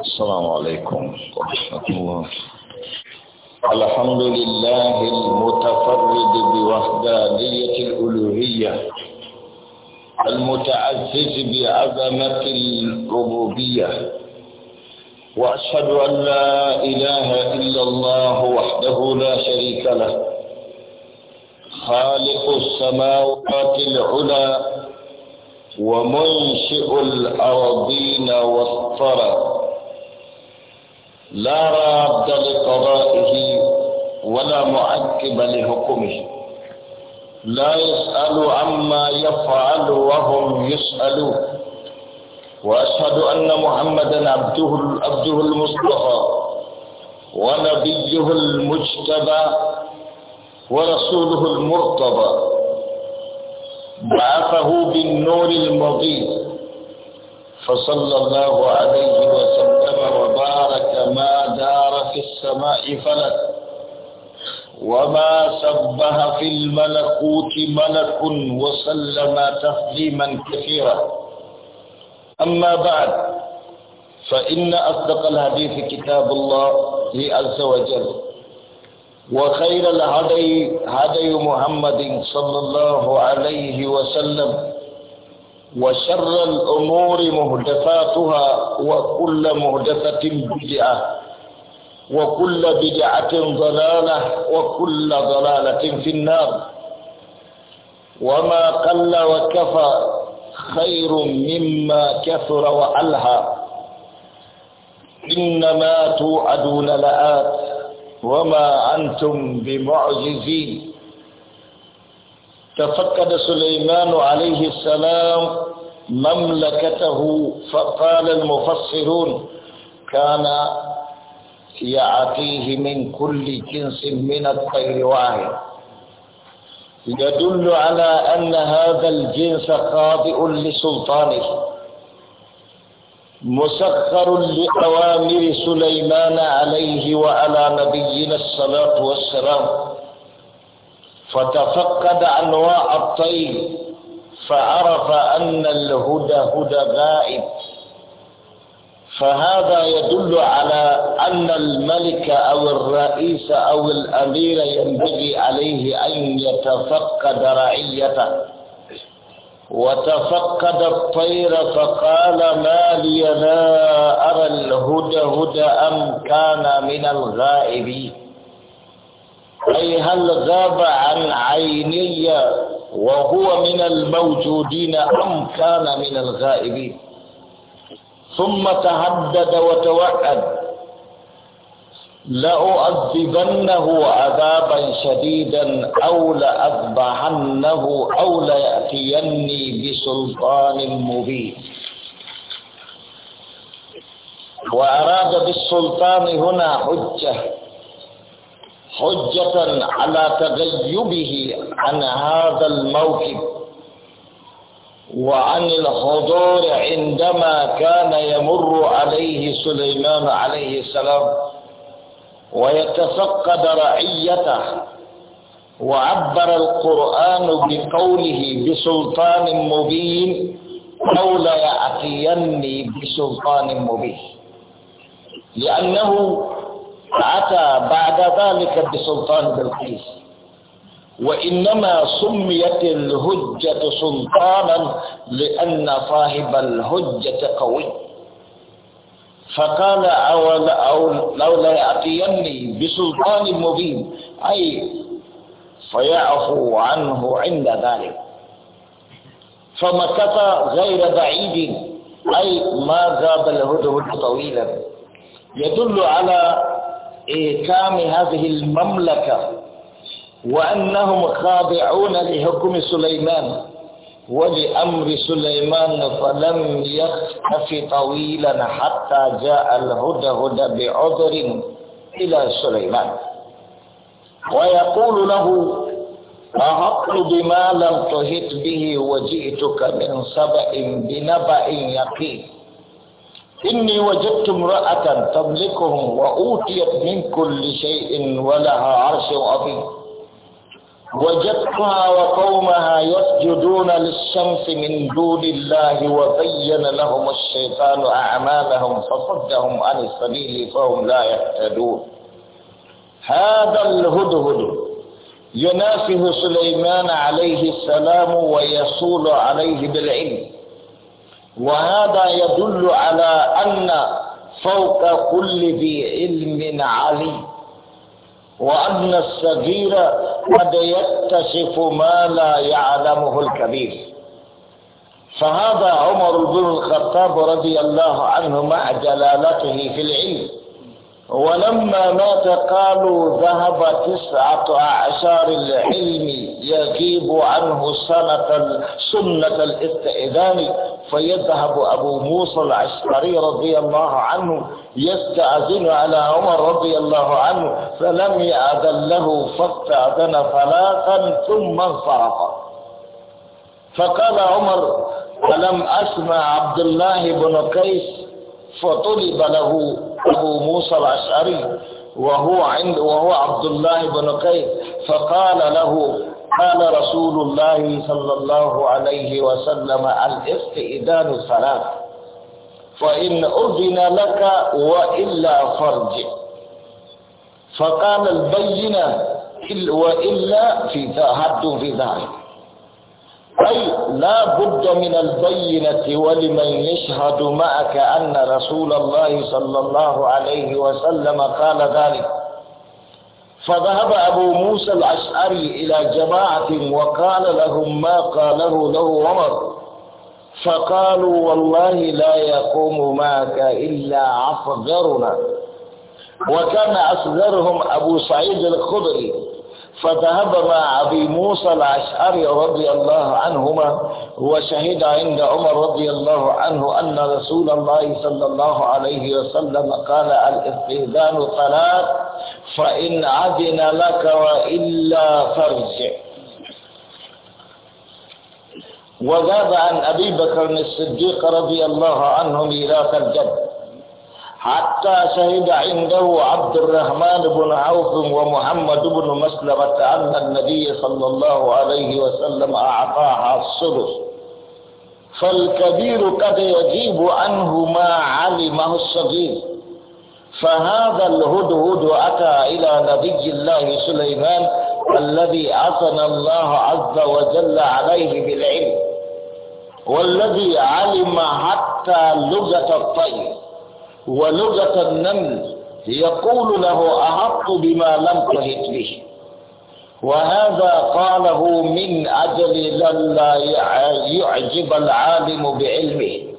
السلام عليكم ورحمة الله الحمد لله المتفرد بوحدانية الألوهية المتعزز بعظمة الربوبية وأشهد أن لا إله إلا الله وحده لا شريك له خالق السماوات العلى ومنشئ الأراضين والثرى لا راد لقضائه ولا معقب لحكمه لا يسأل عما يفعل وهم يسألون وأشهد أن محمدا عبده عبده المصطفى ونبيه المجتبى ورسوله المرتضى بعثه بالنور المضيء فصلى الله عليه وسلم وبارك ما دار في السماء فلك وما سبه في الملكوت ملك وسلم تسليما كثيرا أما بعد فإن أصدق الحديث كتاب الله عز وجل وخير الهدي هدي محمد صلى الله عليه وسلم وشر الأمور مهدفاتها وكل مهدفة بدعة وكل بدعة ضلالة وكل ضلالة في النار وما قل وكفى خير مما كثر وألهى إنما توعدون لآت وما أنتم بمعجزين تفقد سليمان عليه السلام مملكته فقال المفسرون كان يعطيه من كل جنس من الطير واحد يدل على أن هذا الجنس خاضئ لسلطانه مسخر لأوامر سليمان عليه وعلى نبينا الصلاة والسلام فتفقد أنواع الطير فعرف أن الهدى هدى غائب فهذا يدل على أن الملك أو الرئيس أو الأمير ينبغي عليه أن يتفقد رعيته وتفقد الطير فقال ما لي لا أرى الهدى هدى أم كان من الغائبين أي هل غاب عن عيني وهو من الموجودين أم كان من الغائبين ثم تهدد وتوعد لأؤذبنه عذابا شديدا أو لأذبحنه أو ليأتيني بسلطان مبين وأراد بالسلطان هنا حجة حجة على تغيبه عن هذا الموكب وعن الحضور عندما كان يمر عليه سليمان عليه السلام ويتفقد رعيته وعبر القرآن بقوله بسلطان مبين قول يأتيني بسلطان مبين لأنه أتى بعد ذلك بسلطان بلقيس وإنما سميت الهجة سلطانا لأن صاحب الهجة قوي فقال أول أو لا يأتيني بسلطان مبين أي فيعفو عنه عند ذلك فمكث غير بعيد أي ما غاب الهدهد طويلا يدل على إيكام هذه المملكة وأنهم خاضعون لحكم سليمان ولأمر سليمان فلم يختف طويلا حتى جاء الهدهد بعذر إلى سليمان ويقول له أعقل بما لم تهت به وجئتك من سبأ بنبأ يقين إني وجدت امرأة تملكهم وأوتيت من كل شيء ولها عرش عظيم وجدتها وقومها يسجدون للشمس من دون الله وبين لهم الشيطان أعمالهم فصدهم عن السبيل فهم لا يهتدون هذا الهدهد ينافه سليمان عليه السلام ويصول عليه بالعلم وهذا يدل على أن فوق كل ذي علم علي وأن الصغير قد يكتشف ما لا يعلمه الكبير فهذا عمر بن الخطاب رضي الله عنه مع جلالته في العلم ولما مات قالوا ذهب تسعة أعشار العلم يغيب عنه سنة سنة الاستئذان فيذهب أبو موسى العشقري رضي الله عنه يستأذن على عمر رضي الله عنه فلم يأذن له فاستأذن ثلاثا ثم انصرف فقال عمر ألم أسمع عبد الله بن قيس فطلب له أبو موسى العشقري وهو عند وهو عبد الله بن قيس فقال له قال رسول الله صلى الله عليه وسلم الاستئذان صلاة فإن أذن لك وإلا فرج فقال البينة وإلا في حد في ذلك أي لا بد من البينة ولمن يشهد معك أن رسول الله صلى الله عليه وسلم قال ذلك فذهب أبو موسى الأشعري إلى جماعة وقال لهم ما قاله له عمر فقالوا والله لا يقوم معك إلا أصغرنا وكان أصغرهم أبو سعيد الخضري فذهب مع أبي موسى الأشعري رضي الله عنهما وشهد عند عمر رضي الله عنه أن رسول الله صلى الله عليه وسلم قال الاستئذان ثلاث فإن عدن لك وإلا فارجع وذاب عن أبي بكر الصديق رضي الله عنه ميراث الجد حتى شهد عنده عبد الرحمن بن عوف ومحمد بن مسلمة أن النبي صلى الله عليه وسلم أعطاها الصدر فالكبير قد يجيب عنه ما علمه الصغير فهذا الهدهد أتى إلى نبي الله سليمان الذي أثنى الله عز وجل عليه بالعلم والذي علم حتى لغة الطير ولغة النمل يقول له أحط بما لم تهت به وهذا قاله من أجل لن لا يعجب العالم بعلمه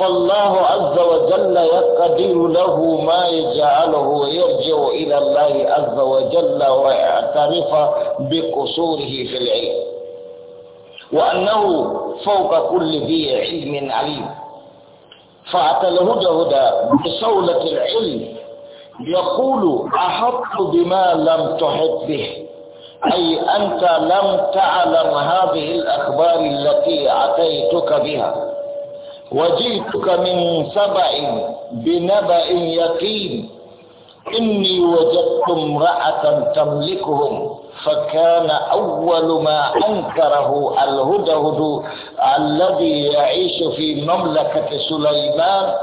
فالله عز وجل يقدر له ما يجعله يرجع إلى الله عز وجل ويعترف بقصوره في العلم وأنه فوق كل ذي علم عليم فأتى الهدى هدى بصولة العلم يقول أحط بما لم تحط به أي أنت لم تعلم هذه الأخبار التي أتيتك بها وجئتك من سبع بنبأ يقين إني وجدت امرأة تملكهم فكان أول ما أنكره الهدهد الذي يعيش في مملكة سليمان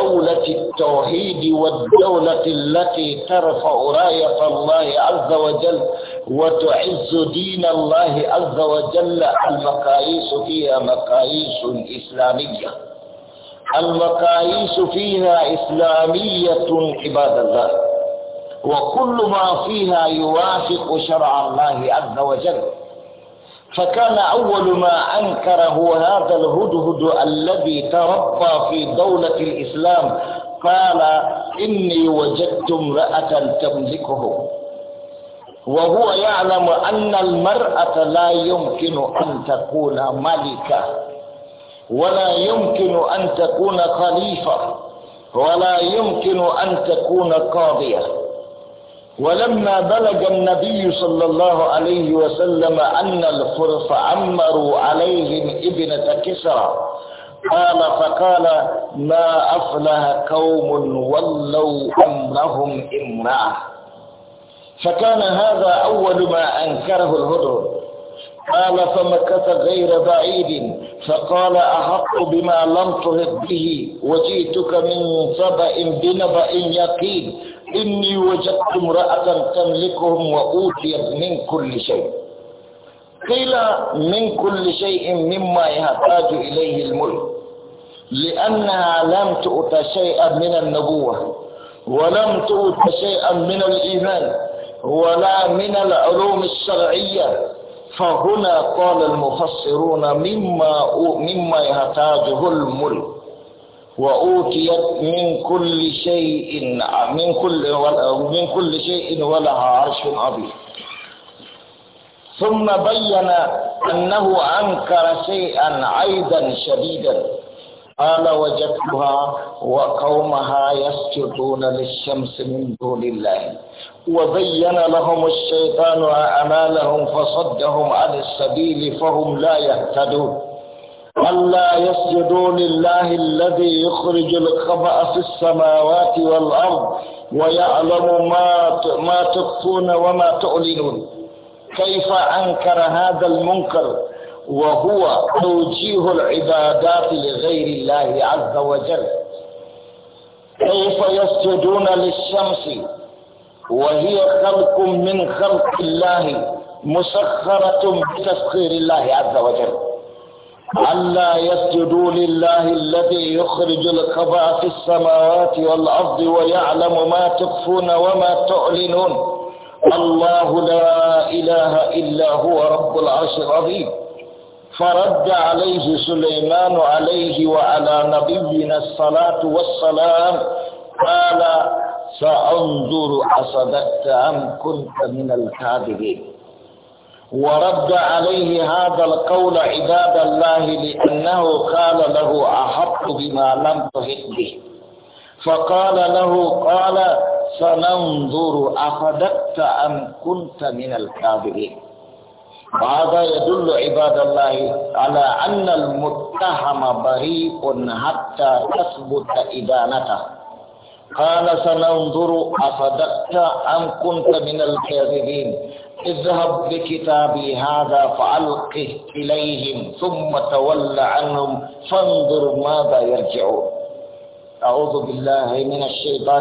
دولة التوحيد والدولة التي ترفع راية الله عز وجل وتعز دين الله عز وجل المقاييس فيها مقاييس إسلامية المقاييس فيها إسلامية عباد الله وكل ما فيها يوافق شرع الله عز وجل فكان أول ما أنكره هذا الهدهد الذي تربى في دولة الإسلام قال إني وجدت امرأة تملكهم وهو يعلم أن المرأة لا يمكن أن تكون ملكة ولا يمكن أن تكون خليفة ولا يمكن أن تكون قاضية ولما بلغ النبي صلى الله عليه وسلم أن الخرف عمروا عليهم ابنة كسرى قال فقال ما أفلح قوم ولوا أمرهم امرأة فكان هذا أول ما أنكره الهدهد قال فمكث غير بعيد فقال أحق بما لم تهد به وجئتك من سبأ بنبأ يقين إني وجدت امرأة تملكهم وأوتيت من كل شيء قيل من كل شيء مما يحتاج إليه الملك لأنها لم تؤت شيئا من النبوة ولم تؤت شيئا من الإيمان ولا من العلوم الشرعية فهنا قال المفسرون مما مما يحتاجه الملك وأوتيت من كل شيء من كل من كل شيء ولها عرش عظيم ثم بين أنه أنكر شيئا عيدا شديدا قال وجدتها وقومها يسجدون للشمس من دون الله وزين لهم الشيطان أعمالهم فصدهم عن السبيل فهم لا يهتدون ألا يسجدوا لله الذي يخرج الخبأ في السماوات والأرض ويعلم ما ما تخفون وما تعلنون كيف أنكر هذا المنكر وهو توجيه العبادات لغير الله عز وجل كيف يسجدون للشمس وهي خلق من خلق الله مسخرة بتسخير الله عز وجل ألا يسجدوا لله الذي يخرج الخبأ في السماوات والأرض ويعلم ما تخفون وما تعلنون الله لا إله إلا هو رب العرش العظيم فرد عليه سليمان عليه وعلى نبينا الصلاة والسلام قال سأنظر أصدقت أم كنت من الكاذبين ورد عليه هذا القول عباد الله لأنه قال له أحط بما لم تهد به فقال له قال سننظر أصدقت أم كنت من الكاذبين وهذا يدل عباد الله على أن المتهم بريء حتى تثبت إدانته قال سننظر أصدقت أم كنت من الكاذبين اذهب بكتابي هذا فألقه إليهم ثم تول عنهم فانظر ماذا يرجعون أعوذ بالله من الشيطان